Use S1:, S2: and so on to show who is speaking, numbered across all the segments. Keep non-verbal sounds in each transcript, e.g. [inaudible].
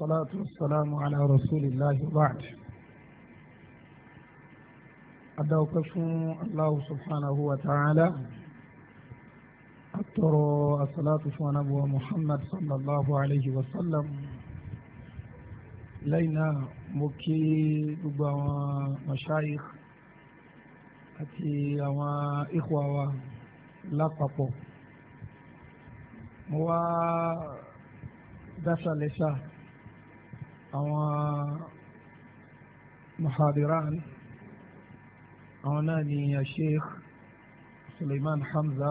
S1: والصلاة والسلام على رسول الله بعد أدوكف الله سبحانه وتعالى أكثر الصلاة ونبوة محمد صلى الله عليه وسلم لينا مكي مشايخ أتي إخوة لقبوا mo wá dáṣà lẹ́ṣà أو محاضران àwọn náà ni sheikh suleiman hamza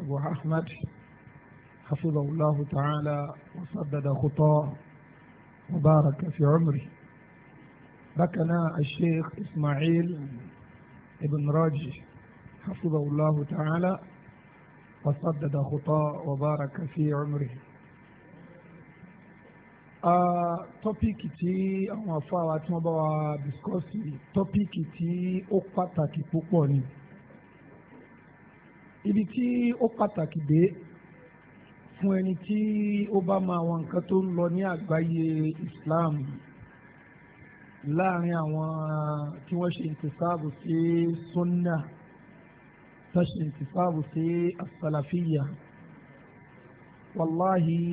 S1: abu حفظه الله تعالى وسدد خطاه وبارك في عمره بكنا الشيخ إسماعيل ابن راجي حفظه الله تعالى وسدد خطاه وبارك في عمره tọ́píìkì tí àwọn afáwa tí wọ́n bá wa dìskọ́sì tọ́píìkì tí ó pàtàkì púpọ̀ ni
S2: ibi tí ó pàtàkì dé fún ẹni tí ó
S1: bá mọ àwọn nǹkan tó ń lọ ní àgbáyé Islam láàrin àwọn tí wọ́n ṣe ìtìsáàbù sí sunna tó ṣe ìtìsáàbù sí asalafiya wàláhìí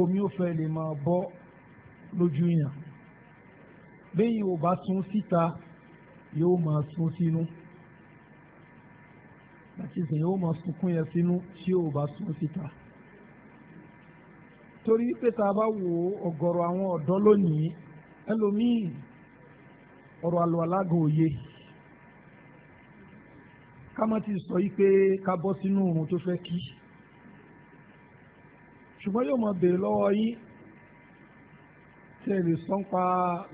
S2: omi ó fẹ́ lè máa bọ́ lójú yàn bẹ́yìn ò bá sún síta yóò máa sún sínú láti sìn yóò máa sunkún yẹn sínú tí ò bá sún síta torí pé tá a bá wo ọ̀gọ̀rọ̀ àwọn ọ̀dọ́ lónìí ẹlòmíì ọ̀rọ̀ àlùalágò òye ká má ti sọ yí pé ká bọ́ sínú òun tó fẹ́ kí ṣùgbọ́n yóò máa béèrè lọ́wọ́ yín tí ẹ lè sọ ń pa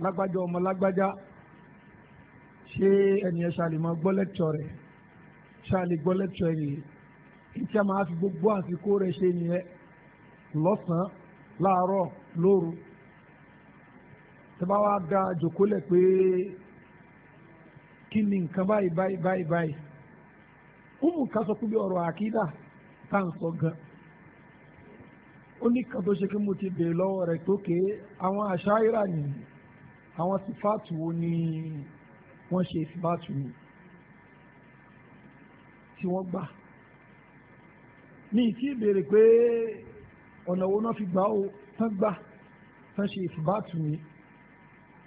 S2: lágbájá ọmọ lágbájá ṣé ẹnìyẹn ṣàlè máa gbọ́ lẹ́kítọ̀ rẹ̀ ṣàlè gbọ́ lẹ́kítọ̀ rẹ̀ kí tí a máa fi gbogbo àsìkò rẹ̀ ṣe nìyẹn lọ́sàn-án láàárọ̀ lóru tí bá wá da jòkólẹ̀ pé kí ni nǹkan báyìí báyìí báyìí báyìí ó mú ká sọ pé bí ọ̀rọ̀ àkídà tá à ń sọ gan-an ó ní kan tó ṣe kí mo ti bèèrè lọ́wọ́ rẹ̀ tó ké àwọn àṣàyíra ni àwọn sífàtù wo ni wọ́n ṣe sífàtù ni tí wọ́n gbà ní ìtí ìbéèrè pé ọ̀nà wo náà fi gbà ó tán gbà tán ṣe ìfìbátù ni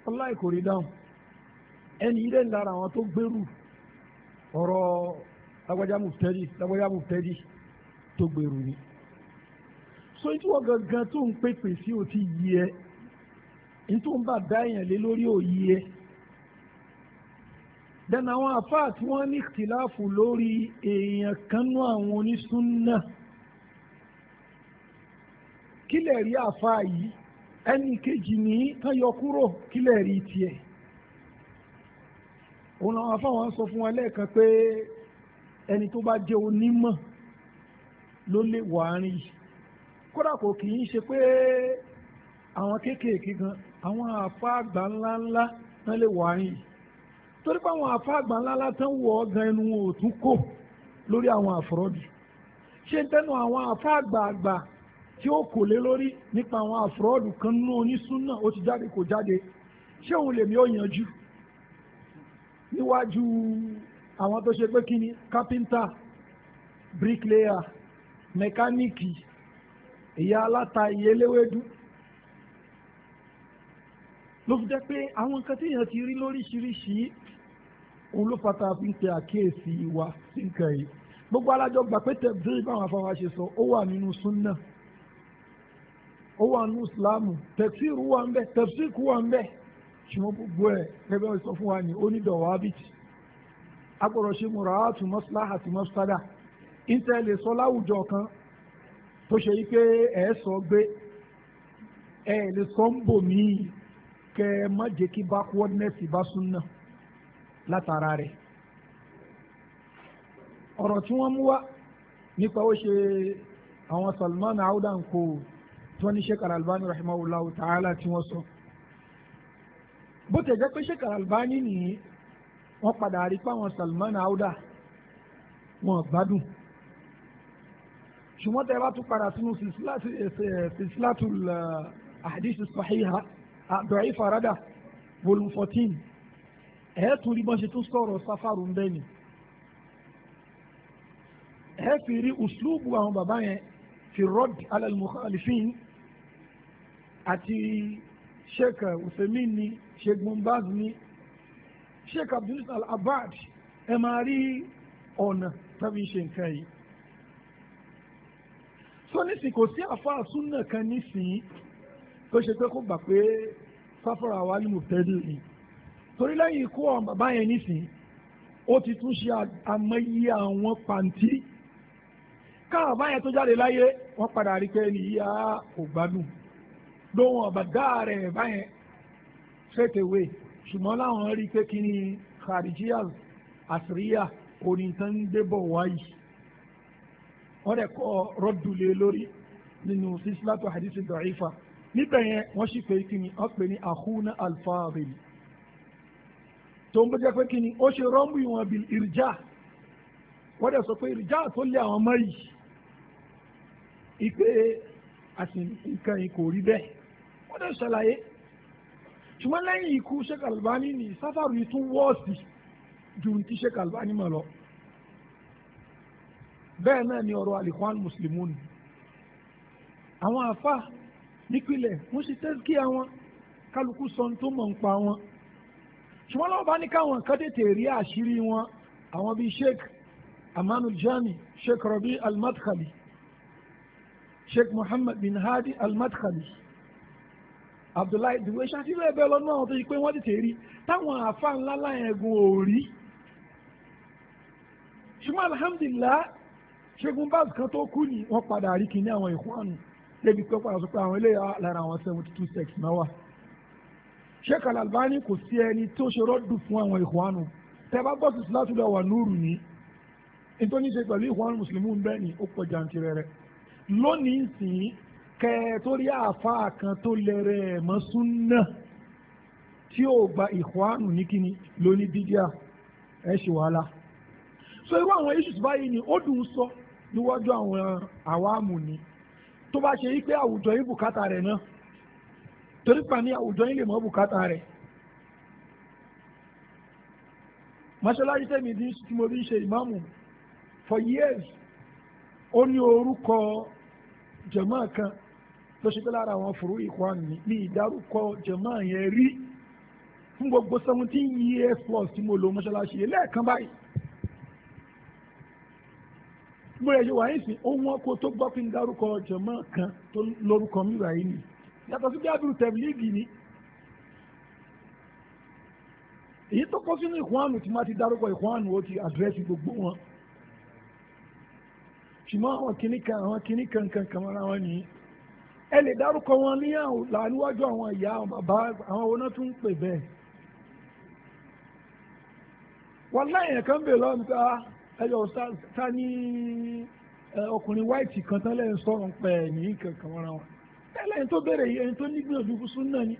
S2: ọláì kò rí dáhùn ẹni ilé lára àwọn tó gbèrú ọ̀rọ̀ lágbájá mùtẹ́dì lágbájá mùtẹ́dì tó gbèrú ni so tí wọ́n gangan tó ń pèpè sí ò ti yí ẹ ní tó ń bà dá èèyàn lé lórí ò yí ẹ dẹ́nu àwọn àfáà tí wọ́n ní ìtìláàfù lórí èèyàn kanú àwọn onísúnnà kílẹ̀ rí àfáà yìí ẹnì kejì ní tán kílẹ̀ rí tiẹ̀ òun làwọn afáwọn sọ fún wa lẹ́ẹ̀kan pé ẹni tó bá jẹ́ onímọ̀ ló lè wà yìí kódà kò kì í ṣe pé àwọn kéékèèké gan àwọn àfa àgbà ńláńlá tán lè wọ àárín yìí torí pé àwọn àfa àgbà ńláńlá tán wọ gan ẹnu wọn ò tún kò lórí àwọn àfọ̀rọ̀dì ṣé ń tẹnu àwọn àfa àgbààgbà tí ó kò lé lórí nípa àwọn àfọ̀rọ̀dù kan nínú onísúnà ó ti jáde kò jáde ṣé òun lèmi ó yanjú níwájú àwọn tó ṣe pé kí ni kápẹ́ńtà bíríkìlẹ́yà mẹkáníìkì ìyá aláta ìyá eléwédú ló fi jẹ́ pé àwọn nǹkan tí èèyàn ti rí lóríṣiríṣi òun ló fata fi ń pe àkíyèsí wa sí nǹkan yìí gbogbo alájọ gbà pé tẹ̀bí báwọn afáwa ṣe sọ ó wà nínú súnnà ó wà nínú ìsìláàmù tẹ̀síìrù wà ń bẹ̀ tẹ̀síìkù wà ń bẹ̀ ṣùgbọ́n gbogbo ẹ̀ gẹ́gẹ́ bí sọ fún wa ní onídọ̀wábìtì agbọ̀rọ̀ ṣe mọ̀ràátù mọ́síláhà àti mọ́síládà ìtẹ̀lẹ̀ sọ láwùjọ kan tó ṣe yí pé ẹ sọ gbé ẹ lè sọ ń bò míì kẹ ẹ má jẹ́ kí backwardness bá súnà látara rẹ̀ ọ̀rọ̀ tí wọ́n mú wá nípa ó ṣe àwọn Salman Audan kò tí wọ́n ní Sheikh albani rahimahullahu ta'ala tí wọ́n sọ bó tẹ̀ jẹ́ pé Sheikh albani nìyí wọ́n padà rí pé àwọn Salman Auda wọn gbádùn ṣùgbọ́n tẹ́ ẹ bá tún padà sínú sísílátù àdìsí sọ̀híhà àdọ̀rí farada volume fourteen ẹ̀ tún rí bọ́n ṣe tún sọ̀rọ̀ sáfàrù ń bẹ́ ni ẹ̀ fi rí ùsùlùbù àwọn bàbá yẹn fi rọ́d alẹ́lmùkàlìfín àti sheikh usemin ni sheikh mumbaz ni sheikh abdul abad ẹ̀ máa rí ọ̀nà tàbí ṣe nǹkan yìí tó nísìnyí kò sí àfáà súnà kan nísìnyí tó ṣe pé kó gbà pé sáfàrà wa ni mo tẹ́lẹ̀ yìí torí lẹ́yìn ikú ọ̀n bàbá yẹn nísìnyí ó ti tún ṣe àmọye àwọn pàǹtí káà bá yẹn tó jáde láyé wọ́n padà rí pé nìyá kò gbádùn lóhun ọ̀bàdá rẹ̀ báyẹn straight away ṣùgbọ́n láwọn rí pé kí ni kharijiyal asriya onítàn débọ̀ wáyìí wọ́n rẹ̀ kọ́ rọ́dùlé lórí nínú sísílátò hadisi dọ̀ífà níbẹ̀ yẹn wọ́n sì pé kí ni wọ́n pè ní àhúná alfaadil tó ń bọ́jẹ́ pé kí ni ó ṣe rọ́mù ìwọ̀n bil irja wọ́n rẹ̀ sọ pé irja tó lé àwọn ọmọ yìí ipe nǹkan yìí kò rí bẹ́ẹ̀ wọ́n rẹ̀ ṣàlàyé ṣùgbọ́n lẹ́yìn ikú Sheikh Albani ní sáfàrù yìí tún wọ́ọ̀sì ju ti Sheikh Albani mọ̀ lọ bẹ́ẹ̀ náà ni ọ̀rọ̀ alikhwan muslimun àwọn àfa nípìnlẹ̀ wọ́n ṣe tẹ́síkì àwọn kálukú sọ tó mọ̀ ń pa wọn ṣùgbọ́n lọ́wọ́ bá ní káwọn kan tètè rí àṣírí wọn àwọn bíi sheikh amanul jami sheikh rabi al-madkhali sheikh muhammad bin hadi al-madkhali abdullahi dùwé ṣáàtì bẹ́ẹ̀ lọ́nà àwọn tó ṣe pé wọ́n tètè rí táwọn àfa ńlá láyẹn gun òòrí ṣùgbọ́n alhamdulillah ṣẹ́gun báàsì kan tó kú ni wọ́n padà rí kíní àwọn ìkúnàánú débi pé padà sọ pé àwọn eléyà lára àwọn seventy two sex náà wà Sheikh al kò sí ẹni tó ṣe rọ́dù fún àwọn ìkúnàánú tẹ́ bá gbọ́ sí síláṣú lọ wà núùrù ní nítorí ṣe pẹ̀lú ìkúnàánú mùsùlùmí bẹ́ẹ̀ ni ó pọ̀ jàǹtìrẹ rẹ lónìí sìn kẹ torí àáfàá kan tó lẹrẹ mọ́ súnà tí ó gba ìkúnàánú ní kíni lóní dídíà ẹ ṣe so irú àwọn issues báyìí ni ó dùn sọ níwájú àwọn àwáàmù ni tó bá ṣe wípé àwùjọ yìí bùkátà rẹ̀ náà torí pa ní àwùjọ yìí lè mọ́ bùkátà rẹ̀ mọ́ṣáláṣí tẹ̀mí tí mo rí ṣe ìmáàmù for years ó ní orúkọ jàmáà kan tó ṣe pé lára àwọn fòrò ìkwánu ni ní ìdárúkọ jàmáà yẹn rí fún gbogbo seventeen years plus tí mo lò mọ́ṣáláṣí yìí lẹ́ẹ̀kan báyìí mo rẹ̀ yóò wáyé sìn ohun ọkọ tó gbọ́ fi ń darúkọ jọ̀mọ́ kan tó lórúkọ mìíràn yìí ni yàtọ̀ sí bí abiru tẹ̀blíìgì ni èyí tó kọ́ sínú ìkùnánù tí máa ti darúkọ ìkùnánù ó ti àdírẹ́sì gbogbo wọn ṣùgbọ́n àwọn kìnnì kan àwọn kìnnì kan kan kan ara wọn nìyí ẹ lè darúkọ wọn ní àníwájú àwọn ìyá àwọn bàbá àwọn oná tún ń pè bẹ́ẹ̀ wọ́n láyìn ẹ̀kan bèèrè lọ́nà ẹyọ ta ní ọkùnrin white kan tán lẹ́yìn sọ̀rọ̀ ń pẹ́ ní kankan wọn ra wọn ẹlẹ́yìn tó bẹ̀rẹ̀ yìí ẹni tó nígbìyànjú fún súnà ni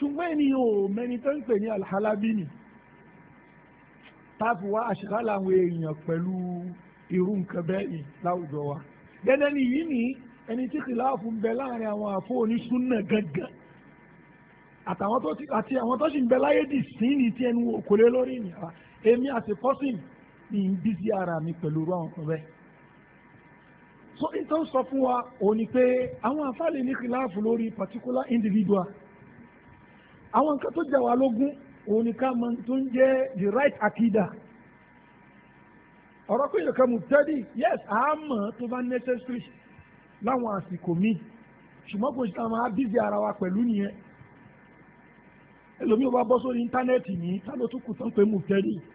S2: ṣùgbọ́n ẹni ò mẹni tó ń pè ní alhalabi ni táàfù wa àṣìká làwọn èèyàn pẹ̀lú irú nǹkan bẹ́ẹ̀ ni láwùjọ wa gẹ́gẹ́ ni yìí ni ẹni tí kìláàfù ń bẹ láàrin àwọn àfọ onísúnà gangan àtàwọn tó ti àti àwọn tó sì ń bẹ láyé dì sí ní tí ẹnu òkòlé lórí nìyà èmi àti pọ́sìn ní ń bísí ara mi pẹ̀lú irú àwọn kan bẹ́ẹ̀. so ìtàn sọ fún wa òun ni pé àwọn àfáàlẹ̀ ní kìláàfù lórí particular individual àwọn nǹkan tó jà wá lógún òun ni ká mọ tó ń jẹ́ the right akida ọ̀rọ̀ pé ìyọ̀kẹ́ mu tẹ́lẹ̀ yes àmọ́ tó bá necessary láwọn àsìkò míì ṣùgbọ́n kò sí àwọn abízi ara wa pẹ̀lú nìyẹn ẹlòmíì ò bá bọ́ sórí íńtánẹ́ẹ̀tì ní ta ló tún kù tán pé mu tẹ́lẹ̀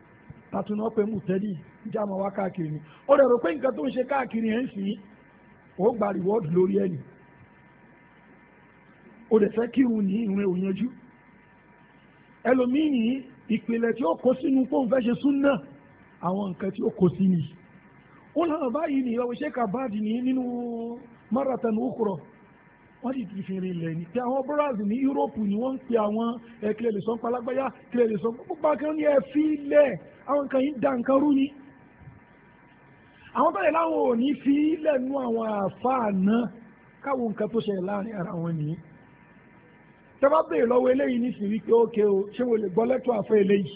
S2: tàtúnà pé mùtẹ́lì jáàmù wá káàkiri ni ó rẹ̀ rò pé nǹkan tó ń ṣe káàkiri yẹn sì ó gba rìwọ́ọ̀dù lórí ẹ̀ ni ó dẹ̀ fẹ́ kírun ní ìrìn òyanjú ẹlòmíì ní ìpìlẹ̀ tí ó kó sínú pé fẹ́ ṣe súnà àwọn nǹkan tí ó kó sí ni ó lọ́nà báyìí ni ìyàwó ṣe kàbáàdì ní nínú máràtàn òkúrọ̀ wọ́n sì ti fi rin ilẹ̀ ní pé àwọn brazil ní Europe ni wọ́n ń pe àwọn ẹ̀kílẹ̀ lè sọ ń palágbáyà kílẹ̀ lè sọ gbogbo akẹ́kọ̀ọ́ ní fi lẹ̀ àwọn nǹkan yìí da nǹkan rú ni àwọn tó yẹ láwọn ò ní fi lẹ́nu àwọn àfáà náà káwọn nǹkan tó ṣẹlẹ̀ láàrin ara wọn nìyí tẹ́bá bèèrè lọ́wọ́ eléyìí ní sìnrí pé ókè o ṣé mo lè gbọ́ lẹ́tọ̀ àfẹ́ eléyìí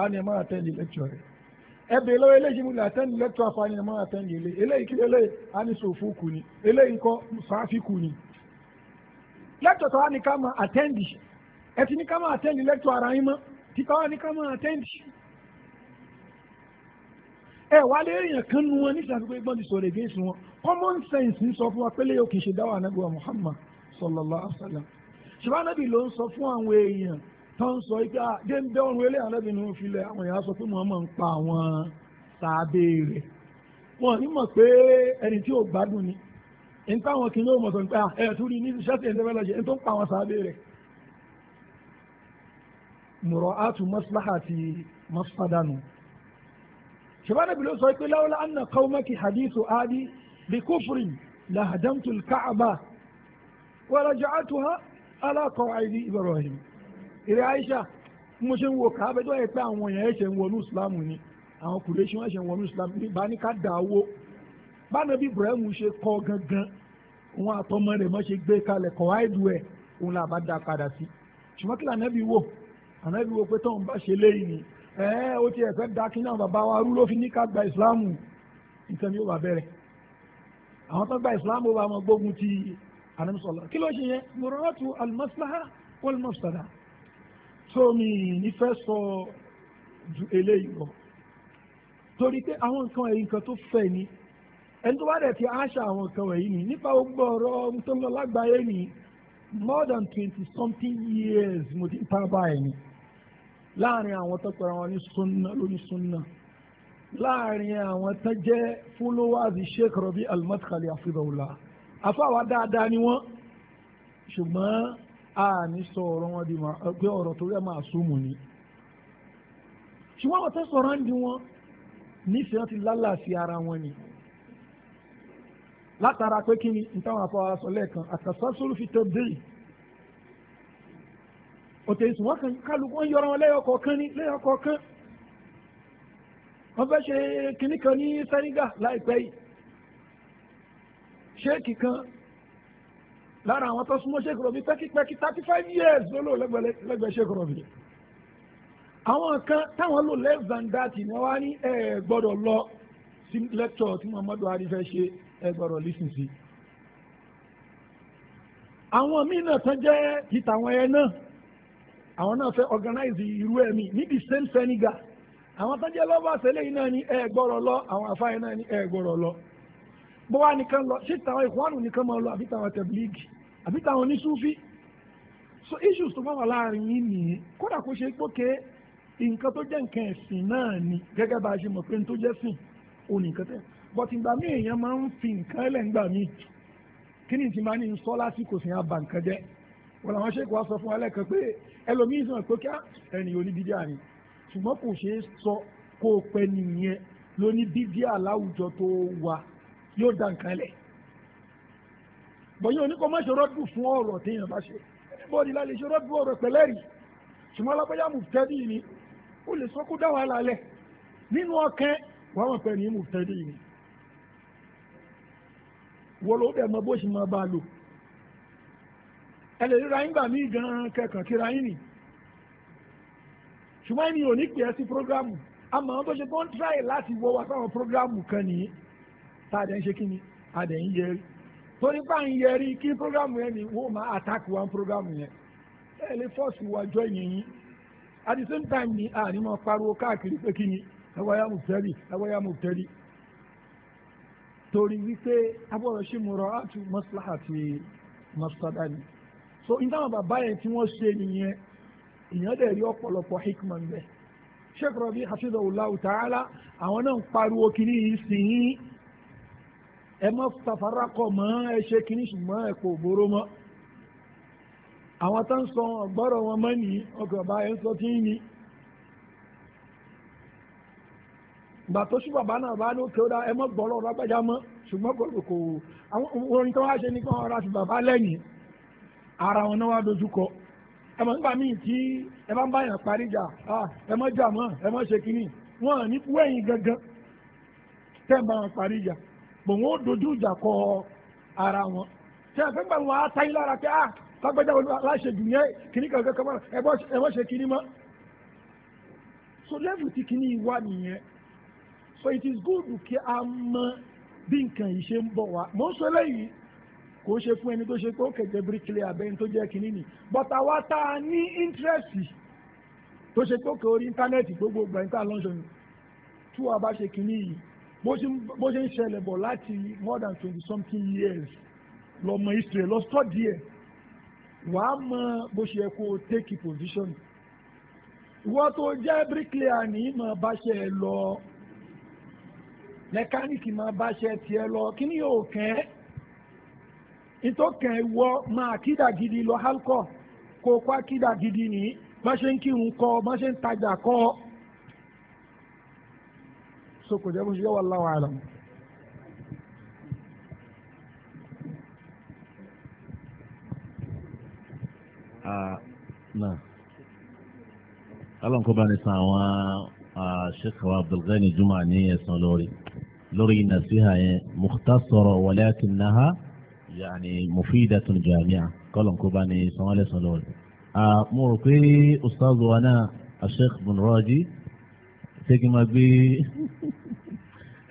S2: a ní ẹ máa tẹ́ndì lẹ́tọ̀ rẹ̀ ẹ bèèrè lọ́wọ́ eléyìí mo lè àtẹ́ndì lẹ́tọ̀ àfẹ́ ni ẹ máa tẹ́ndì ilé eléyìí kí eléyìí a ní sòfò kù ni eléyìí kọ́ sàáfì kù ni. lẹ́tọ̀ tó wá ní ká máa àtẹ́ndì ẹ ti ní ká máa àtẹ́ndì lẹ́tọ̀ ara yín mọ́ tí ká wá ní ká máa àtẹ́ndì ẹ wà lé èèyàn kan nu wọn nígbà pípé gbọ́dọ̀ sọ̀rọ̀ esi wọn common sense ń sọ fún wa pé léyò kì Muhammad sallallahu alaihi ṣùgbọ́n anábì ló ń sọ fún àwọn èèyàn tó ń sọ ipá dé ọ̀run eléyà anábì ni wọ́n fi lẹ̀ àwọn sọ pé muhammad ń pa àwọn sàábé rẹ̀ wọn ní mọ̀ pé ẹni tí ò gbádùn ni ẹni táwọn kì í mọ̀ tó ẹ̀ tó ṣùgbọ́n àbí ló sọ pé láwọlá anna qaumaki hadithu adi bi kufrin lahadamtu alka'aba wa raja'atuha ala qaw'idi ibrahim ìrẹ aisha mo ṣe ń wo kàábẹ tó yẹ pé àwọn èèyàn ẹ̀ṣẹ̀ ń wọnú islam ni àwọn kùrẹ́ṣin wọn ṣe ń wọnú islam ni bá ní ká dà owó bána bí ibrahim ṣe kọ́ gangan òun àtọmọ rẹ̀ mọ́ ṣe gbé kalẹ̀ kọ́ àìdù ẹ̀ òun làbá dá padà sí ṣùgbọ́n kí ẹ ó ti ẹ̀fẹ́ da kí náà bàbá wa rú ló fi ní ká gba ìsìláàmù nǹkan yóò bá bẹ̀rẹ̀ àwọn tó gba ìsìláàmù ó bá wọn gbógun ti ànámísọ̀lá kí ló ṣe yẹn muratu almaslaha wal mafsada tó mi nífẹ̀ sọ ju eléyìí lọ torí pé àwọn nǹkan ẹ̀yìn nǹkan tó fẹ́ ni ẹni tó bá dẹ̀ ti àṣà àwọn nǹkan wọ̀nyí ni nípa gbogbo ọ̀rọ̀ tó ń lọ lágbàáyé ni more than twenty something years mo ti ń pa báyìí láàrin àwọn tó pẹ̀lú àwọn ní sunna lórí sunna láàrin àwọn tó jẹ́ fúlówàzì sheikh rabi al-madkhali afidawula afáwa dáadáa ni wọ́n ṣùgbọ́n a ní sọ ọ̀rọ̀ wọn di pé ọ̀rọ̀ tó yẹ máa súnmù ni ṣùgbọ́n àwọn sọ̀rọ̀ ń di wọn ti lálàáfíà ara wọn ni látara pé kí ni nítawọn afáwa sọ lẹ́ẹ̀kan àtàsásólù fi tẹ́ bẹ́ẹ̀ ọ̀tẹ̀ ìsùn wọn kàn kálukú wọn yọra wọn lẹ́yọkọ̀ọ̀kan ní lẹ́yọkọ̀ọ̀kan wọ́n fẹ́ ṣe kìnní kan ní Senegal láìpẹ́ yìí ṣéèkì kan lára àwọn tó súnmọ́ ṣéèkì rọ̀bì pẹ́kípẹ́kí thirty five years ló lò lẹ́gbẹ̀ẹ́ ṣéèkì rọ̀bì àwọn kan táwọn lò less than that ni wọ́n á ní ẹ gbọ́dọ̀ lọ sí lecture tí Muhammadu Buhari fẹ́ ṣe ẹ gbọ́dọ̀ listen sí àwọn míì náà tán jẹ́ títàwọn ẹ náà àwọn náà fẹ organize irú ẹ̀mí ní the same Senegal àwọn tọ́jú lovers eléyìí náà ní ẹ gbọrọ lọ àwọn àfáà náà ní ẹ gbọrọ lọ bó wá nìkan lọ ṣé tàwọn ìkùnwánù nìkan máa lọ àbí tàwọn àbí tàwọn oníṣúfì so issues tó bá wà láàrin ṣe gbókè nǹkan tó jẹ́ nǹkan ẹ̀sìn náà ni gẹ́gẹ́ bá a ṣe mọ̀ pé n tó jẹ́ sìn ò ní nǹkan tẹ̀ ẹlòmíín sọ̀rọ̀ pé ká ẹni oníbídíà ni ṣùgbọ́n kò ṣeé sọ kó o pẹ́ nìyẹn lóníbídíà láwùjọ tó wà yóò dá nǹkan lẹ̀ bọ̀yìn oníkọ́ má ṣe rọ́dù fún ọ̀rọ̀ téèyàn bá ṣe bọ́ọ̀dì la lè ṣe rọ́dù ọ̀rọ̀ pẹ̀lẹ́rì ṣùgbọ́n alágbájá mùtẹ́dì ni ó lè sọ kó dá wàhálà lẹ̀ nínú ọkẹ́ wàá mọ̀ pẹ́ ní mùtẹ́dì ni wọ́n ló dẹ̀ mọ bó ṣe máa bá a lò ẹ lè ríra yín gbà mí gan kẹkàn kíra yín nì ṣùgbọ́n ẹni ò ní pè é sí prógrámù àmọ́ àwọn tó ṣe tó ń tíráì láti wọ wá sáwọn prógrámù kan nìyí tá a dẹ̀ ń ṣe kí ni a dẹ̀ ń yẹrí torí bá ń yẹrí kí prógrámù yẹn ni wọ́n máa àtàkì wá prógrámù yẹn ẹ lè fọ́ọ̀sì wá jọ yín at the same time ni a ní máa pariwo káàkiri pé kí ni ẹ wáyà mú tẹ́lì ẹ wáyà mú tẹ́lì torí wípé abọ́rọ̀ ṣe mọ̀rọ̀ àti àti mọ́sálà ni so n táwọn bàbá yẹn tí wọ́n ṣe nìyẹn èèyàn dẹ̀ rí ọ̀pọ̀lọpọ̀ hikma ń bẹ̀ sheikh rabi hafidhahullahu ta'ala àwọn náà ń pariwo kìíní yìí sìn ín ẹ mọ́ tafarakọ̀ mọ́ ẹ ṣe kìíní ṣùgbọ́n ẹ kò bóró mọ́ àwọn tó ń sọ ọgbọ́rọ̀ wọn mọ́ ní ọkọ̀ bàbá yẹn sọ tí ń ní gbà tó ṣú bàbá náà bá ní òkè ó dá ẹ mọ́ gbọ́rọ̀ lágbájá mọ́ ṣùgbọ́n kò àwọn orin tó wá ṣe ní kí wọ́n ra ti bàbá lẹ́yìn ara wọn náà wá dojúkọ ẹmọ nígbà míì tí ẹ bá ń báyàn parí jà ẹ mọ jà mọ ẹ mọ ṣe kínní wọn ní wẹ̀yìn gangan tẹ́ ń bá wọn parí jà bò wọn ó dojú ìjà kọ ara wọn ṣe àfẹ́ gbà wọn á táyé lára pé ah lágbájá wọn láṣẹ jù yẹn kínní kankan kan mọ́ra ẹ mọ ṣe kínní mọ́ so level tí kínní wà nìyẹn so it is good kí a mọ bí nǹkan yìí ṣe ń bọ̀ wá mò ń sọ eléyìí kò ṣe fún ẹni tó ṣe tó kẹ̀kẹ́ bíríkìlẹ̀ abẹ́ni tó jẹ́ kínní ni bọ́tà wá tá a ní íńtírẹ́sì tó ṣe tó kẹ orí íńtánẹ́ẹ̀tì gbogbo ìgbà níta lọ́nṣọ́ ni tí wàá bá ṣe kínní yìí bó ṣe ń ṣẹlẹ̀ bọ̀ láti more than twenty something years lọ́mọ history lọ study ẹ̀ wàá mọ bó ṣe yẹ kó o take position ìwọ tó jẹ́ bíríkìlẹ̀ ní ìmọ̀ bá ṣe lọ mẹkáníìkì máa bá ṣe tiẹ̀ lọ kí yóò kẹ́ ẹ́ ìtọ́kàn ẹ̀wọ́ máa kídà gidi lọ hálkọ̀ kó kó kídà gidi ní bá ṣe ń kírun kọ́ bá ṣe ń tajà kọ́ so kò jẹ́ bó ṣe yẹ wallahu alam.
S3: náà kálọ̀ ń kó bá ní san àwọn ah, Sheikh Abdulghani Juma ní ẹ̀sán lórí lórí nasiha yẹn mukhtasara walakinaha yàní mufidatun jami'a kọ́lọ̀ kó bá ní sanwó-alẹ́ sọ̀lọ́ rẹ̀. mo rò pé ustaz wa náà asheikh bin rọ́ọ̀jì ṣé kí n máa gbé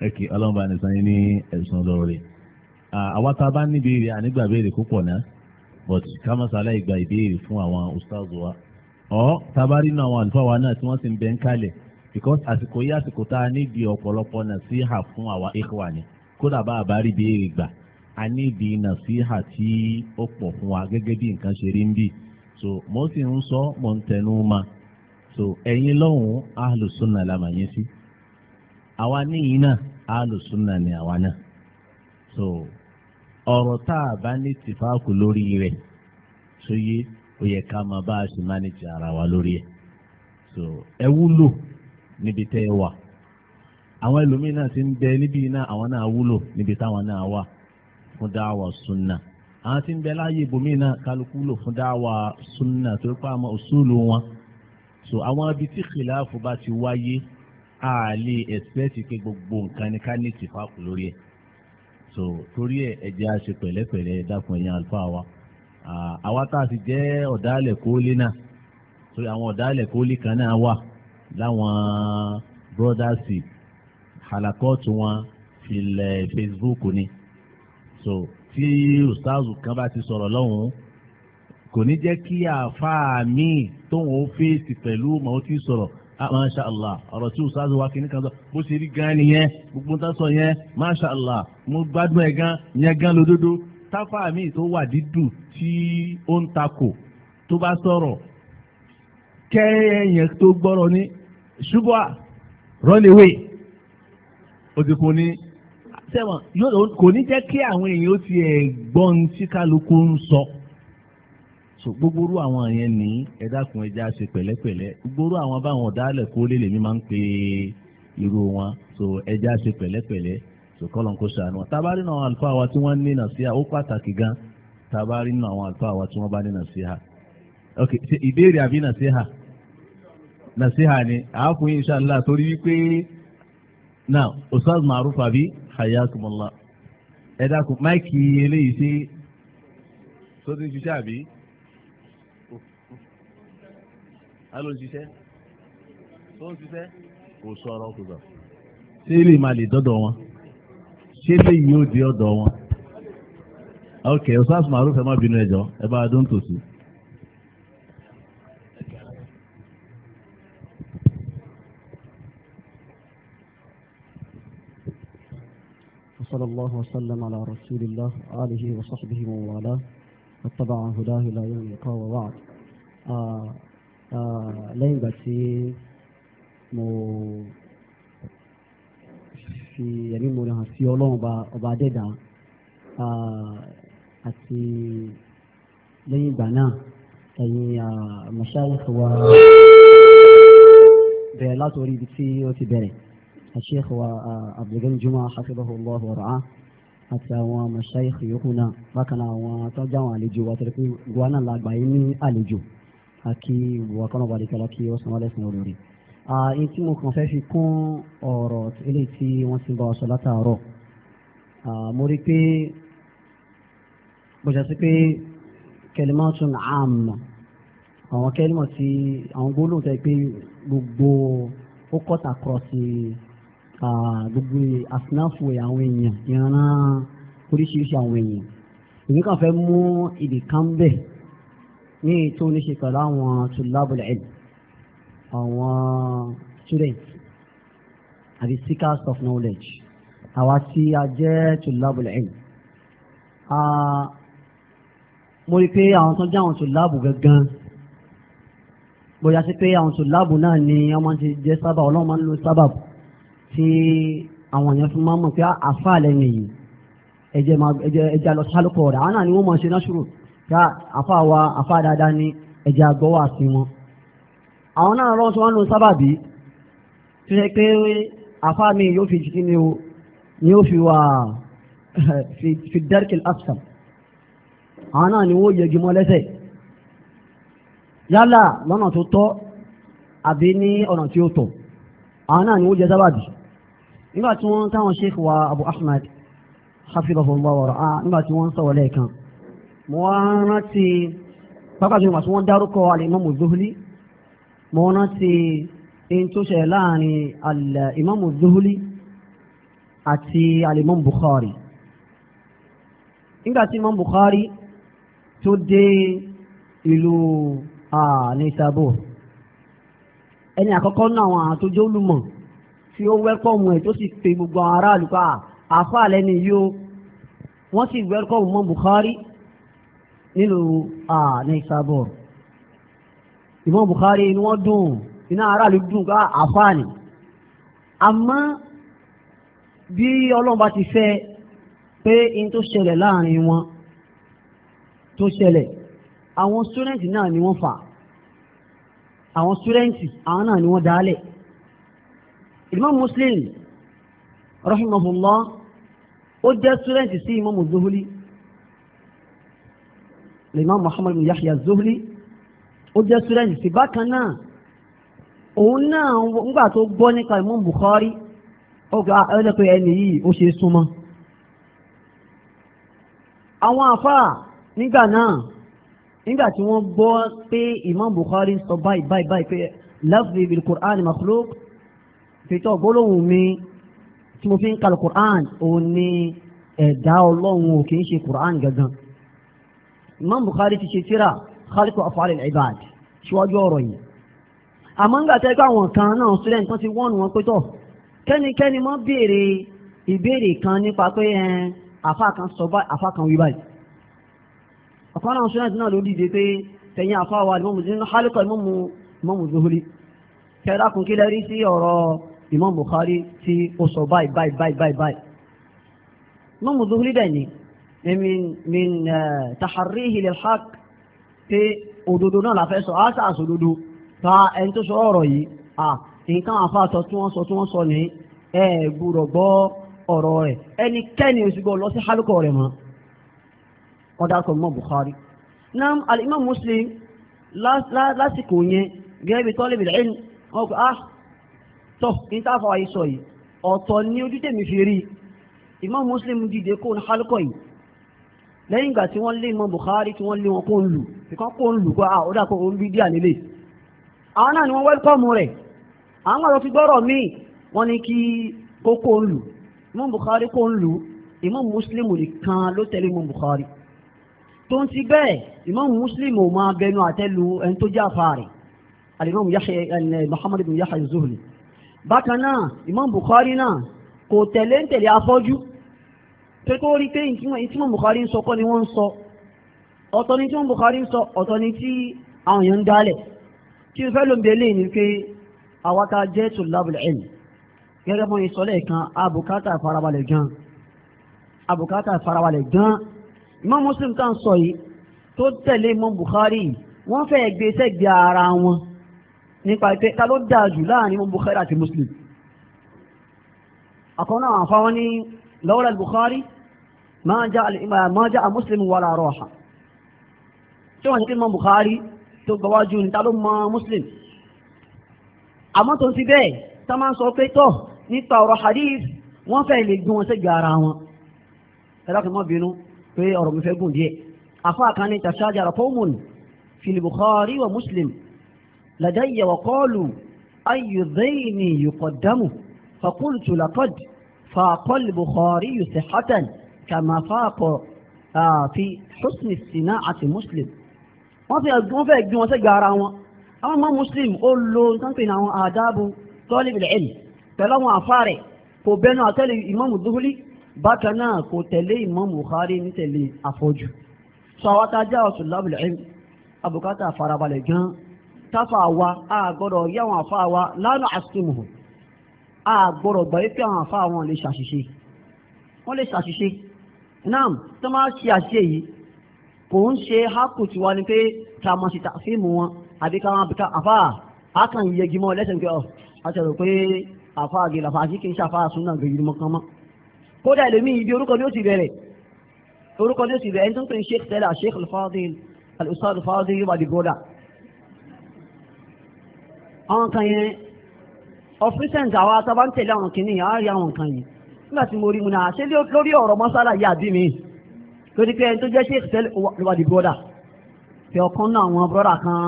S3: ẹ̀kì [laughs] ọlọ́mọba nìsan yín ní ẹ̀sùn lọ́rẹ̀. àwa tá a bá níbi ìrìn ànígbà béèrè púpọ̀ náà but ká má sàlẹ̀ ìgbà ìbéèrè fún àwọn ustaz wa ọ tabari náà àwọn àlùfáà wa náà tí wọ́n sì ń bẹ ń kalẹ̀ because àsìkò yí àsìkò tá a nídìí ọ̀pọ̀lọpọ̀ náà sí hà fún àwa ikhwa ni kódà bá a bá rí béèrè gbà a nídìí nàṣíhà tí ó pọ̀ fún wa gẹ́gẹ́ bí nǹkan ṣe rí so mo sì ń sọ mo ń tẹnu ma so ẹ̀yin lọ́hùn ahlùsùnà la mà yín sí àwa níyìn náà ni àwa náà so ọ̀rọ̀ tá a bá ní tìfáàkù lórí rẹ̀ tó yé ó yẹ ká máa a ṣe ara wa lórí ẹ̀ so ẹ wúlò níbi tẹ́ ẹ wà àwọn ẹlòmíràn ti ń bẹ níbí náà àwọn náà wúlò níbi táwọn náà fún dáwà súnà àwọn tí ń bẹ láàyè ibòmíì náà kálukú lò fún dáwà súnà tó pa àmọ́ òṣùlù wọn so àwọn ibi tí kìláàfù bá ti wáyé a lè ẹ̀sìpẹ́ẹ̀tì pé gbogbo nǹkan ni ká ní lórí ẹ̀ so torí ẹ̀ ẹ jẹ́ a ṣe pẹ̀lẹ́pẹ̀lẹ́ dákun ẹ̀yìn àlùfáà wa àwa tá a sì jẹ́ ọ̀dàlẹ̀ kólé náà torí àwọn ọ̀dàlẹ̀ kólé kan náà wà láwọn brọ́dásì halakọ́ọ̀tù wọn filẹ̀ eh, Facebook ni so tí ustaazu kan bá ti sọ̀rọ̀ lọ́hùn-ún kò ní jẹ́ kí àáfàá míì tóun ó fèsì pẹ̀lú màá ti sọ̀rọ̀ ah, masha allah ọ̀rọ̀ tí ustaazu wa kìíní kan sọ bó ṣe rí gan nìyẹn gbogbo tá sọ yẹn masha allah mo gbádùn ẹ̀ gan yẹn gan lódodo táfàá míì tó wà dídùn tí ó ń takò tó bá sọ̀rọ̀ kẹ́ẹ̀yẹn tó gbọ́rọ̀ ní ṣubúà run away ó ti kún ní sẹ́wọ̀n kò ní jẹ́ kí àwọn èèyàn ó ti ẹ̀ gbọ́n tí kálukú ń sọ. so gbogbo orú àwọn yẹn ní ẹ dákun ẹja ṣe pẹ̀lẹ́pẹ̀lẹ́ gbogbo orú àwọn báwọn ọ̀dàlẹ̀ kó lè lèmi máa ń pe irú wọn so ẹja ṣe pẹ̀lẹ́pẹ̀lẹ́ so kọ́lọ̀ ń kó ṣàánú wọn. tábàárí náà àwọn àlùfáà wa tí wọ́n ní nàṣíà ó pàtàkì gan tábàárí náà àwọn àlùfáà wa tí wọ́n bá ní nàṣíà. ok ṣe ìbéèrè àbí nàṣíà nàṣíà ni àákùn inshallah torí wípé now Ustaz Maruf àbí hayakumullah ẹ dákun máìkì eléyìí ṣe tó ti ń ṣiṣẹ́ àbí a ló ń ṣiṣẹ́ tó ń ṣiṣẹ́ kò sọ̀rọ̀ kò sọ ṣé lè máa lè dọ́dọ̀ wọn ṣé léyìí yóò di ọ̀dọ̀ wọn ok ọ̀sán àsùnmọ̀ àrùfẹ́ má bínú ẹ̀jọ̀ ẹ bá a dún tòsí.
S1: وصلى الله وسلم
S4: على رسول الله آله وصحبه ومن والاه واتبع هداه إلى يوم اللقاء وبعد lẹ́yìn ìgbà tí mo fi ẹ̀mí mo rẹ̀ hàn sí ọlọ́run ọba adẹ́dà àti lẹ́yìn ìgbà náà ẹ̀yin mọ̀ṣáyé fún wa bẹ̀rẹ̀ látòrí ibi tí ó ti bẹ̀rẹ̀. الشيخ عبد الغني جمعة حفظه الله ورعاه àti àwọn mọ̀ṣáìkì yòókù náà bákan náà àwọn tọ́jú àwọn àlejò wa tẹ̀lé pé gbogbo àná la gbà yín ní àlejò àti ìwà kan ọba àdìgbàlá kí ó san wá lẹ́sìn olórí. àyè tí mo kàn fẹ́ fi kún ọ̀rọ̀ eléyìí tí wọ́n ti bá wa sọ látàárọ̀ mo rí i pé bó ṣe sí pé kẹlímọ́tún àwọn kẹlímọ̀ tí àwọn gbólóhùn tẹ̀ pé gbogbo ó kọ́ta kọ́ gbogbo asinafu àwọn èèyàn ìrànà oríṣiríṣi àwọn èèyàn èmi kàn fẹ́ mú ìdí kan bẹ̀ ní ètò oníṣe pẹ̀lú àwọn tulabul ilm àwọn students àbí seekers of knowledge àwa tí a jẹ́ tulabul ilm mo rí pé àwọn tó jẹ́ àwọn tòláàbù gangan bóyá sí pé àwọn tòláàbù náà ni wọ́n máa ń ti jẹ́ sábà ọlọ́run máa ń lo sábàbù tí àwọn èèyàn fi máa mọ̀ pé àfa lẹ́nu yìí ẹ̀jẹ̀ máa ẹ̀jẹ̀ lọ sálùkọ̀ rẹ̀ àwọn náà ni wọ́n máa ṣe náṣúrò pé àfa wa àfa dáadáa ni ẹ̀jẹ̀ àgọ́wà sí wọn. àwọn náà rán tí wọ́n lo sábàbí tó ṣe pé àfa mi yóò fi jí ni o ni ó fi wà [laughs] fi dẹ́rkìl afsam àwọn náà ni wọ́n yẹgi mọ́ lẹ́sẹ̀ yálà lọ́nà tó tọ́ àbí ní ọ̀nà tí ó tọ́ àwọn náà ni wọ́n jẹ sábàbí nígbà tí wọ́n táwọn sheikh wa abu ahmad hafizahullah wa ra'a nígbà tí wọ́n sọ̀rọ̀ lẹ́ẹ̀kan mo wá rántí pápájọ nígbà tí wọ́n dárúkọ alimamu zuhli mo rántí in tó ṣẹlẹ̀ láàrin alimamu zuhli àti alimamu bukhari nígbà tí imam bukhari tó dé ìlú ní sabo ẹni àkọ́kọ́ náà àwọn àtòjọ́ olùmọ̀ tí ó wẹ́kọ̀mù ẹ̀ tó sì pe gbogbo àwọn aráàlú pa àáfàá lẹ́ni yóò wọ́n sì wẹ́kọ̀mù mọ́ Bukhari nílùú Naisabur Imam Bukhari inú wọn dùn iná aráàlú dùn ká àáfàá ni àmọ́ bí ọlọ́mọba ti fẹ́ pé in tó ṣẹlẹ̀ láàrin wọn tó ṣẹlẹ̀ àwọn student náà ni wọ́n fà àwọn student àwọn náà ni wọ́n dálẹ̀ Imam Muslim rahimahullah ó jẹ́ sùrẹ́ǹtì sí Imam Zuhri Imam Muhammad bin Yahya Zuhri ó jẹ́ sùrẹ́ǹtì sí bákan náà òun náà ńgbà tó gbọ́ nípa Imam Bukhari ó gbà ẹ̀rọ pé ẹni yìí ó ṣe súnmọ́ àwọn àfáà nígbà náà nígbà tí wọ́n gbọ́ pé Imam Bukhari sọ báyìí báyìí báyìí pé lafzi bil Qur'an makhluq pètò gbólóhùn mi tí mo fi ń kalu Qur'an òun ni ẹ̀dá ọlọ́run ò kì í ṣe Qur'an gangan Imam Bukhari ti ṣe tírà khaliqu af'al al-ibad síwájú ọ̀rọ̀ yìí àmọ́ ń gbà tẹ́ pé àwọn kan náà student kan ti wọ́n wọn pé tọ̀ kẹ́nikẹ́ni mọ́ béèrè ìbéèrè kan nípa pé àfa kan sọ báyìí àfa kan wí báyìí ọ̀kan náà student náà ló dìde pé tẹ̀yìn àfa wa ni mo mú nínú khaliqu ni mo mú mo mú zuhuri kẹ́ẹ́dá kun kí lẹ́rí sí ọ̀rọ̀ Imam Bukhari tí ó sọ báyìí báyìí báyìí báyìí báyìí. Imam Zuhri dẹ̀ ni min min eh, taharrihi lil haqq pé òdodo náà la fẹ́ sọ àṣà àṣòdodo ta ẹni tó sọ ọ̀rọ̀ yìí à nǹkan àfàtọ̀ tí wọ́n sọ tí wọ́n sọ ní ẹ gbúdọ̀ gbọ́ ọ̀rọ̀ rẹ̀ ẹnikẹ́ni oṣù gbọ́ lọ sí hálùkọ̀ rẹ̀ mọ́ ọ̀dà kan mọ́ Bukhari. Nam al Muslim lásìkò yẹn gẹ́gẹ́ tọ́lẹ̀ bìlẹ̀ ẹ̀ ní ah tọ́ níta fà yìí sọ yìí ọ̀tọ̀ ní ojú tèmi fi rí Imam Muslim dìde kó ní hálùkọ̀ yìí lẹ́yìn ìgbà tí wọ́n lé Imam Bukhari tí wọ́n lé wọn kó ń lù ìkan kó ń lù kó ó dà kó bí díà nílé àwọn náà ni wọ́n wẹ́lkọ̀mù rẹ̀ àwọn àlọ́ fi gbọ́rọ̀ míì wọ́n ní kí kó kó ń lù Imam Bukhari kó ń lù Imam Muslim nìkan ló tẹ̀lé Imam Bukhari tó ń ti bẹ́ẹ̀ Imam Muslim ò máa bẹnu àtẹ́lu ẹni tó jáfa rẹ̀ alimami Yahya Muhammad ibn Yahya Zuhli bákan náà Imam Bukhari náà kò tẹ̀lé ń tẹ̀lé afọ́jú pé kó rí pé ìtìmọ̀ Bukhari ń sọ kọ́ ni wọ́n ń sọ ọ̀tọ̀ ni tí wọ́n Bukhari ń sọ ọ̀tọ̀ ni tí àwọn èèyàn ń dálẹ̀ kí n fẹ́ ló ń bẹ léyìn ni pé àwa ta jẹ́ tulabul ilm gẹ́gẹ́ bọ́n yìí kan abùkátà farabalẹ̀ gan abùkátà farabalẹ̀ gan Imam Muslim tá ń sọ yìí tó tẹ̀lé Imam Bukhari wọ́n fẹ́ gbé ara wọn nípa ìpẹ́ ta ló dáa jù láàrin mọ́ Bukhari àti Muslim àkọ́nà àfáwọn ní lọ́wọ́lá Bukhari máa já a Muslim wà láàárọ̀ ọ̀hà tí wọ́n ti mọ́ Bukhari tó gbọ́wájú ní ta ló mọ́ Muslim àmọ́ tó ti bẹ́ẹ̀ tá máa ń sọ pé tọ́ nípa ọ̀rọ̀ hadith wọ́n fẹ́ lè gún wọn sẹ́gbẹ̀ ara wọn ẹ̀rọ kan mọ́ bínú pé ọ̀rọ̀ mi fẹ́ gùn díẹ̀ àfáà kan ní tàṣájà rafọ́mùn fil Bukhari wa Muslim لدي وقالوا أي ذين يقدم فقلت لقد فاق البخاري صحة كما فاق في حسن الصناعة مسلم wọ́n fi ẹ̀gbọ́n fẹ́ gbé wọn sẹ́gbẹ̀ ara wọn àwọn ọmọ muslim ó lo sáńpì ní àwọn àdáàbò tọ́lìbìlì ẹ̀lì pẹ̀lú àwọn àfáà rẹ̀ kò bẹnu àtẹ́lẹ̀ ìmáàmù Zuhri bákan náà kò tẹ̀lé ìmáàmù Bukhari ní tẹ̀lé àfọ́jù sọ àwọn tá a jẹ́ ọ̀sùn lábìlì ẹ̀lì àbùkátà farabalẹ̀ gan-an táfà wa a gbọ́dọ̀ yá àwọn àfa wa lánà àsìmù a gbọ́dọ̀ gbà wípé àwọn àfa wọn lè ṣàṣìṣe wọ́n lè ṣàṣìṣe náà tó máa ṣe àṣìṣe yìí kò ń ṣe hákù tí ni pé ká máa ṣe tàfíìmù wọn àbí ká máa bíkà àfa àkàn yẹgi mọ́ lẹ́sẹ̀ pé ọ̀ oh, àtẹ̀rọ̀ pé àfa àgèlà àfa àti kì í ṣàfa àsúnà gbèyìí mọ́ kán mọ́ kódà ẹlòmíì ibi orúkọ ni ó ti bẹ̀rẹ̀ orúkọ ni ó ti bẹ̀rẹ̀ ẹni tó ń pè ní sheikh tẹ́lẹ̀ sheikh al-fadil al yóò bá di broda àwọn kan yẹn of recent àwọn asábá ń tẹ̀lé àwọn kìíní àárí àwọn kan yìí nígbà tí mo rí mu náà ṣé lórí ọ̀rọ̀ mọ́sálà yìí àbí mi lórí pé ẹni tó jẹ́ sheikh tẹ́lẹ̀ wà di broda pé ọ̀kan náà àwọn broda kan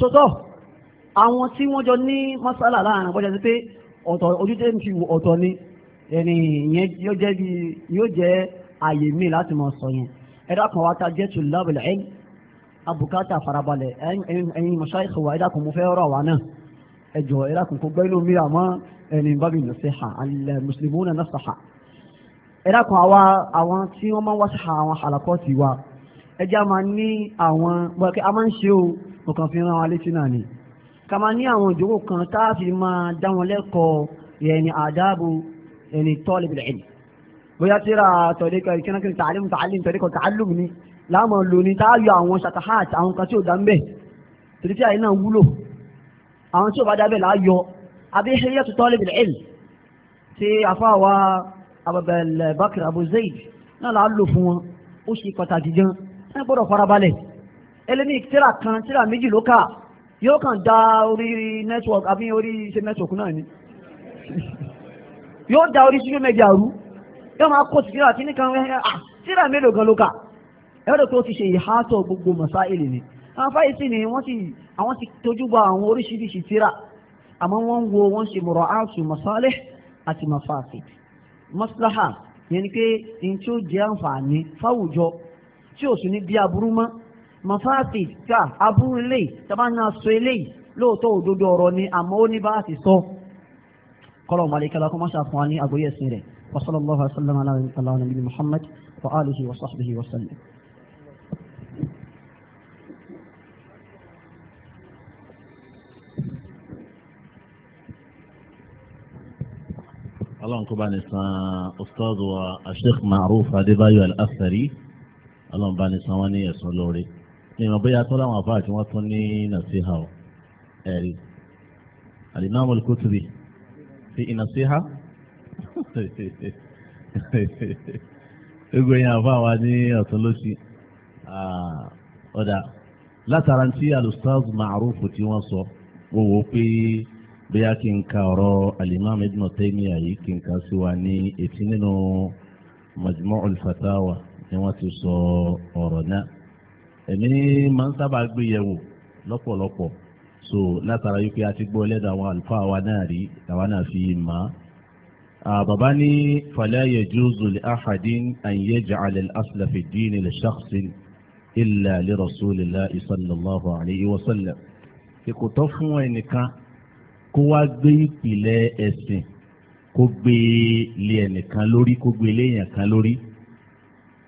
S4: sọ́tọ̀ àwọn tí wọ́n jọ ní mọ́sálà láàrin àbọ̀jọ́ sí pé ọ̀tọ̀ ojútẹ́ ń fi ọ̀tọ̀ ni ẹni ìyẹn yóò jẹ́ àyè mi láti mọ̀ sọ yẹn ẹ̀dá kan wá ta jẹ́ tùlábìlì ẹ̀yìn abùkátà farabalẹ̀ ẹ̀yin mọ̀ṣáìkì wa ẹ̀dá kan mo fẹ́ rọ̀ wá náà ẹ̀jọ̀ ẹ̀dá kan kò gbẹ́lú mi àmọ́ ẹni bábí ní sèha alẹ́ mùsùlùmí náà sàhà ẹ̀dá kan àwa àwọn tí wọ́n máa ń wá sàhà àwọn àlàkọ́ ti wa ẹjá máa ní àwọn gbọ́dọ̀ a máa ń ṣe o nǹkan fi rán wa létí náà ni ká máa ní àwọn ìjókòó kan tá a fi máa dá wọn lẹ́kọ̀ọ́ yẹni àdáàbò yẹni tọ́lẹ̀ bìlẹ̀ bóyá tíra tọ̀lẹ́kọ̀ ìkínákíní tààlímù tààlímù tọ̀lẹ́kọ̀ tààlùmù ni láàmọ̀ lò ní tá a yọ àwọn ṣàtàhàt àwọn kan tí ò dá ń bẹ̀ torí tí àyè náà wúlò àwọn tí ò bá dábẹ̀ là á yọ àbí ẹyẹ tó tọ́lé bìlẹ̀ ẹ̀lì tí àfáàwà ababẹ̀lẹ̀ bakr abu náà là lò fún wọn ó ṣe pàtàkì gan ẹ gbọ́dọ̀ farabalẹ̀ ẹlẹ́mìí tíra kan tíra méjì ló kà yóò kàn da orí network àbí orí ṣe network náà ni yóò da orí social media rú yóò máa kó tìkìrà kí ní kan ah, tíra mélòó gan ló kà ẹ̀rọ tó ti ṣe ìhátọ̀ gbogbo masáìlì ni àwọn fáyìsì ni wọ́n ti àwọn ti tójú bọ àwọn oríṣiríṣi tíra àmọ́ wọ́n ń wo wọ́n ṣe mọ̀rọ̀ áàtù masálẹ̀ àti mafáàfì maslaha yẹn ni pé n tí ó jẹ́ àǹfààní fáwùjọ tí ò sì ní bí aburú mọ́ mafáàfì ká aburú eléyìí tábà náà sọ eléyìí lóòótọ́ òdodo ọ̀rọ̀ ni àmọ́ ó ní bá a ti sọ kọ́lọ̀ mọ̀lẹ́kẹ́lá kó má ṣàfihàn ní àgbóyè ẹ̀sìn rẹ̀ wa
S3: ọlọ́run kó bá ní san ustaz wa asheikh maruf adébáyọ̀ al-asari ọlọ́run bá ní san wọ́n ní ẹ̀sán lórí ní ìmọ̀ bóyá tó láwọn àfáà tí wọ́n tún ní nàṣíhà ẹ̀rí alimami al-kutubi ìnàṣíhà gbogbo yẹn àfáà wa ní ọ̀tún lọ́sí ọ̀dà látara tí alustaz maruf tí wọ́n sọ wọ́n wò ó pé bóyá kí n ka ọ̀rọ̀ alimami ibn Taymiyyah yìí kí n ka sí wa ní etí nínú Majmu'ul Fatawa ni wọ́n ti sọ ọ̀rọ̀ náà èmi máa ń sábà gbé yẹ̀wò lọ́pọ̀lọpọ̀ so látara yìí pé a ti gbọ́ lẹ́dọ̀ àwọn àlùfáà wa náà rí àwa náà fi mọ̀ á. bàbá ní fala yajuzu li ahadin an yaj'ala al-asla fi ad-dini li shakhsin illa li rasulillahi sallallahu alayhi wa sallam. ìkòtọ́ fún ẹnìkan kó wá gbé ìpìlẹ̀ ẹ̀sìn kó gbé lé ẹnìkan lórí kó gbé léèyàn kan lórí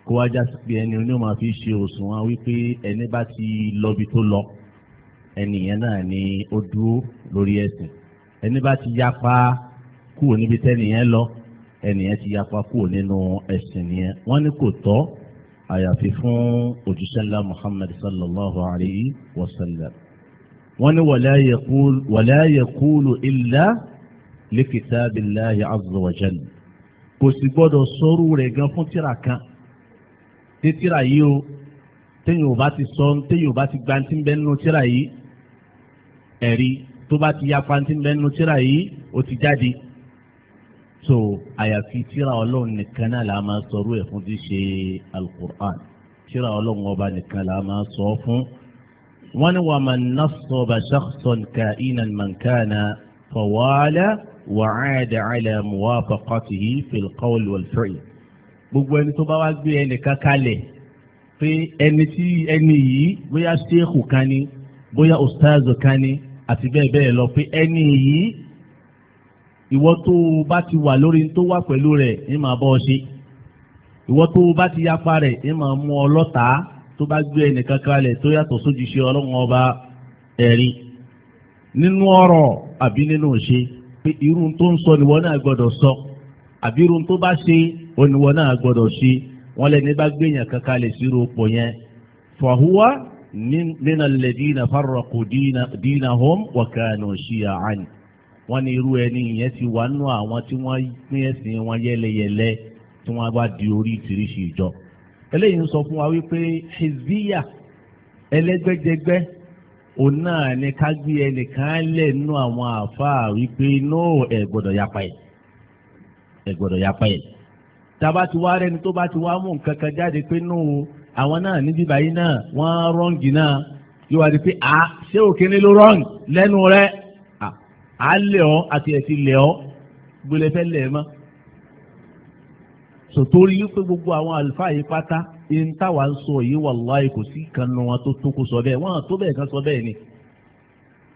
S3: kó wá já sí pé ẹni oní máa fi ṣe òṣùwọ̀n wípé ẹni bá ti lọ́bi tó lọ ẹnìyẹn náà ni ó dúró lórí ẹ̀sìn ẹni bá ti yapa kúrò níbi tẹ́nìyẹn lọ ẹnìyẹn ti yapa kúrò nínú ẹ̀sìn nìyẹn wọ́n ní kò tọ́ àyàfi fún òjíṣẹ́ ńlá Muhammad sallallahu alayhi wa sallam wọ́n ní wala yaqulu illa li kitabillahi azza wa jalla kò sì gbọ́dọ̀ sọ́rù rẹ̀ gan fún tíra kan tí tíra yìí o téèyàn ò bá ti sọ téèyàn ò bá ti gba ti ń bẹ nínú tíra yìí ẹ̀rí tó bá ti yapa ti ń nínú tíra yìí ó ti jáde so àyàfi tíra ọlọ́run nìkan náà la máa sọ̀rọ̀ ẹ̀ fún ti ṣe alukur'an tíra ọlọ́run ọba nìkan la máa sọ fún wọ́n ní wàá man nassaba shakhsan ka'inan man kana fawala wa'ada ala muwafaqatihi fil qawl wal fi'l gbogbo ẹni tó bá wá gbé ẹnìkan kalẹ̀ pé ẹni tí ẹni yìí bóyá ṣéèkù kan bóyá ustaazu kan àti bẹ́ẹ̀ bẹ́ẹ̀ lọ pé ẹni yìí ìwọ tó bá ti wà lórí tó wà pẹ̀lú rẹ̀ ní màá bọ́ ọ ṣe ìwọ tó bá ti yapa rẹ̀ ní màá mú ọ lọ́tàá tó bá gbé ẹnìkan kalẹ̀ tó yàtọ̀ sójúṣe ọlọ́run ọba ẹ̀rí nínú ọ̀rọ̀ àbí nínú ìṣe pé irú tó ń sọ nìwọ náà gbọ́dọ̀ sọ àbí irú tó bá ṣe oníwọ náà gbọ́dọ̀ ṣe wọ́n lẹ́ni bá gbé yàn kan kalẹ̀ sí ropò yẹn fàhùwà nínú alladhina farraqu dinahum wa kanu shi'an wọ́n ní irú ẹni yẹn ti wà nù àwọn tí wọ́n pín ẹ̀sìn wọn yẹ́lẹyẹ̀lẹ tí wọ́n bá di orí ìtìrísí ìjọ eléyìí ń sọ fún wa wípé hezbiya ẹlẹ́gbẹ́jẹgbẹ́ òun náà ni ká gbé ẹnìkan lẹ̀ nú àwọn àáfàá wípé nóò ẹ̀ gbọ́dọ̀ yapa ẹ̀ ẹ̀ gbọ́dọ̀ yapa ẹ̀ tába ti wá rẹni tó bá ti wá mú nǹkan kan jáde pé nóò àwọn náà níbí báyìí náà wọ́n rọ́ǹgì náà yóò wá di pé ah, à ṣé òkèèrè ló rọ́ǹgì lẹ́nu rẹ̀ à lẹ̀ ọ́ àti ẹ̀ ti lẹ̀ ọ́ gbélé fẹ́ lẹ̀ sòtórí wípé gbogbo àwọn àlùfáà yìí pátá ní táwa ń sọ yìí wàláì kò sí ìkànnì wọn tó tó kó sọ bẹ́ẹ̀ wọ́n tó bẹ́ẹ̀ kan sọ bẹ́ẹ̀ ni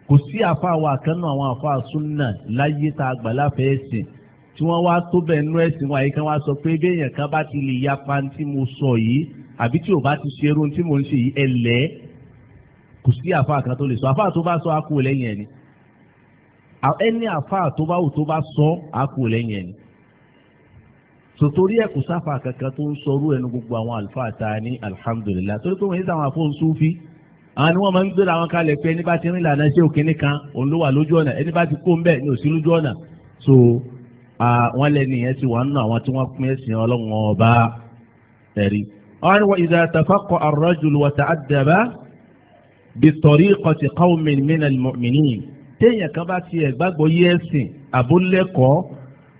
S3: kò sí àfáà wa àkànnà àwọn àfáà súnà láyé tá a gbàlá fẹ́ sìn tí wọ́n wá tó bẹ́ẹ̀ nú ẹ̀sìn wa yìí kan wá sọ pé béèyàn kan bá ti lè yapa tí mo sọ yìí àbí tí ò bá ti ṣe irun tí mo ń ṣe yìí ẹlẹ́ kò sí àfáà kan tó lè sọ àfáà tó bá sọ á kú lẹ́yìn ẹni àfáà tó bá wù tó bá sọ á kú lẹ́yìn sotori ẹ kò sáfà kankan tó ń sọrú ẹnu gbogbo àwọn àlùfáà ta ní alihamudulilá torí pé wọn yìí sáwọn àfọwọn sufi àwọn ni wọn máa ń gbéra àwọn kalẹ̀ pé ẹni bá ti rìn lànà ṣé òkínní kan òun ló wà lójú ọ̀nà ẹni bá ti kó ń bẹ̀ ní òsì lójú ọ̀nà so wọn lẹni yẹn ti wà nínú àwọn tí wọn pín ẹsìn ọlọ́run ọba ẹ̀rí. wọn ni wọn ìdá tafakọ arrajul wa ta'addaba bi tariqati qawmin minal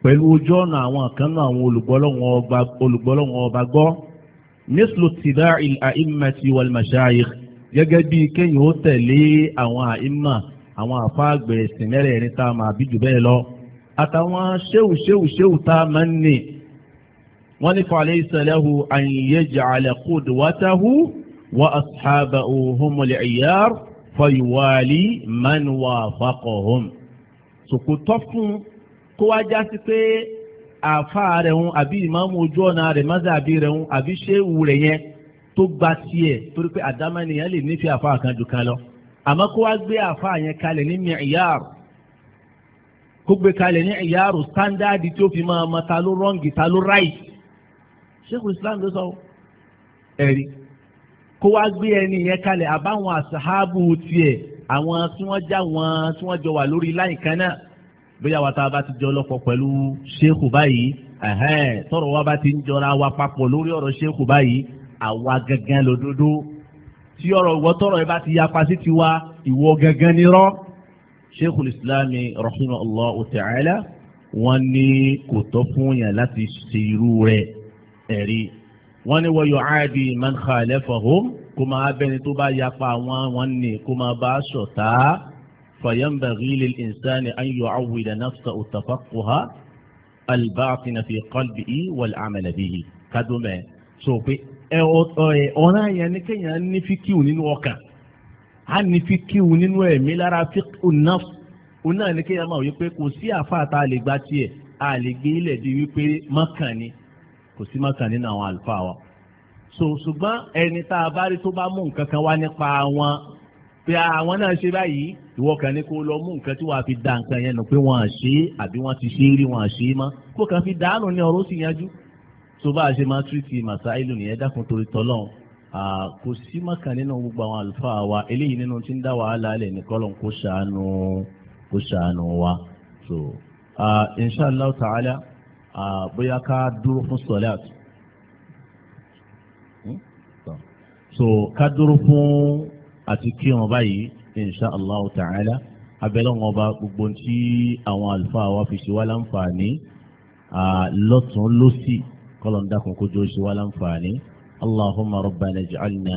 S3: pẹ̀lú ojú ọ̀nà àwọn àkànnà àwọn olùgbọ́lọ́wọ́ ọba gbọ́ nísìlò tìdá àìmẹ̀tì wàlmàṣáyé gẹ́gẹ́ bí kéèyàn ó tẹ̀lé àwọn àìmà àwọn àfáàgbẹ̀ ẹ̀sìn mẹ́rẹ̀ẹ̀rin tá a máa bí jù bẹ́ẹ̀ lọ àtàwọn ṣéwù ṣéwù ṣéwù tá a máa ń nì wọ́n ní fàlẹ́ ìṣẹ̀lẹ̀hu àyìnyẹ́jà àlẹ́kùdù wátàhù wà àṣàbà òhùnmọ̀lẹ̀ ìyá fọyìwálì mẹ́nuwà fàkọ̀hùn. sòkòtọ́ fún kó wá já sí pé àáfàá rẹ̀ ń àbí ìmáàmù ojú ọ̀nà rẹ̀ mọ́sàbí rẹ̀ ń àbí ṣéwù rẹ̀ yẹn tó gba tiẹ̀ torí pé àdámá nìyẹn lè nífẹ̀ẹ́ àáfàá kan jù kan lọ àmọ́ kó wá gbé àáfàá yẹn kalẹ̀ ní mìíyàrù kó gbé kalẹ̀ ní ìyáàrò sáńdáàdì tí ó fi máa ma ta ló rọ́ǹgì ta ló ráì sheikh islam ló sọ ẹ̀rí kó wá gbé ẹni yẹn kalẹ̀ àbáwọn àṣàhábù tiẹ̀ àwọn tí wọ́n já wọn tí wọ́n jọ wà lórí láì kan náà bóyá wa tá a bá ti jọ lọ́pọ̀ pẹ̀lú ṣéèkù báyìí tọrọ wa bá ti ń jọra wa papọ̀ lórí ọ̀rọ̀ ṣéèkù báyìí àwa gangan lòdodo tí ọ̀rọ̀ ìwọ tọrọ ẹ bá ti yapa sí tiwa ìwọ gangan nírọ́ ṣéèkù ìsìlámì rahimahullahu ta'ala wọ́n ní kò tọ́ fún yàn láti ṣe irú rẹ̀ ẹ̀rí wọ́n ní wọ́n yọ áàdì man khalafahum kó máa bẹni tó bá yapa wọn wọn ní kó máa bá ṣọ̀tá. فينبغي للإنسان أن يعود نفسه التفقه الباطن في قلبه والعمل به كدما سوف ọ̀nà yẹn ni kéèyàn ní fíkìú nínú ọkàn á ní fíkìú nínú ẹ̀mí lára fíkìú náà òun náà ni kéèyàn máa wí pé kò sí àáfàá tá a lè gba tiẹ̀ a lè gbé ilẹ̀ di wípé mọ́kàn ni kò sí mọ́kàn nínú àwọn àlùfáà wa. so ṣùgbọ́n ẹni tá a bá rí tó bá mú nǹkan kan wá nípa wọn pé àwọn náà ṣe báyìí ìwọ kan ní kó lọ mú nǹkan tí wàá fi da nǹkan yẹn nù pé wọn à ṣe é àbí wọn ti ṣe é rí wọn à ṣe é mọ́ kó kàn fi dànù ní ọ̀rọ̀ sì yanjú tó bá a ṣe máa tírìtì màsáìlù nìyẹn dákun torí tọlọ́run kò sí mọkàn nínú gbogbo àwọn àlùfáà wa eléyìí nínú tí ń dá wàhálà alẹ ní kọlọn kó ṣàánú kó ṣàánú wa so inshallah ta'ala bóyá ká dúró fún sọlẹ́t hmm? so ká dúró fún àti kírun báyìí insha allah ta'ala abẹ́lẹ́ wọn bá gbogbo tí àwọn àlùfáà wa fi ṣe wá láǹfààní lọ́tún lọ́sì kọ́lọ́n dákun kó jọ ṣe wá láǹfààní allahumma rabbana ij'alna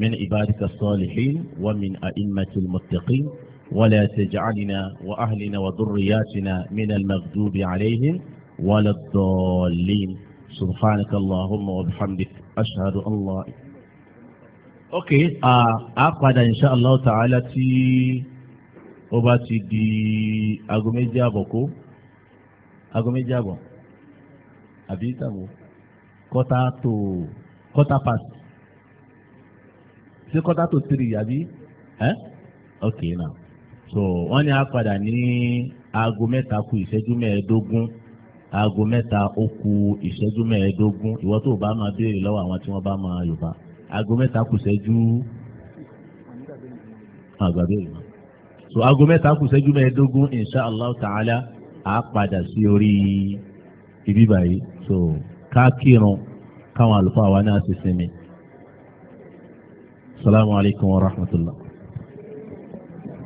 S3: min ibadika as-salihin wa min a'immati al-muttaqin ولا تجعلنا وأهلنا وذرياتنا من المغضوب عليهم ولا الضالين سبحانك اللهم وبحمدك أشهد أن لا ok a padà insha Allah ta'ala tí ó bá ti di aago méjì àbọ̀ kó aago méjì àbọ̀ àbí ìtàwó kọ́tà tó kọ́tà pass ṣé kọ́tà tó tiri àbí ẹ́ ok now so wọ́n ní a padà ní aago mẹ́ta kù ìṣẹ́jú mẹ́ẹ̀ẹ́dógún aago mẹ́ta ó kù ìṣẹ́jú mẹ́ẹ̀ẹ́dógún ìwọ́n tó bá máa béèrè lọ́wọ́ àwọn tí wọ́n bá máa Yorùbá aago mẹ́ta kù ṣẹ́jú àgbàdo ìmọ̀ so aago mẹ́ta kù ṣẹ́jú mẹ́ẹ̀ẹ́dógún insha allah ta'ala a padà sí orí ibi báyìí so ká kírun
S1: káwọn àlùfáà wa náà ti sinmi. salaamaleykum wa rahmatulah.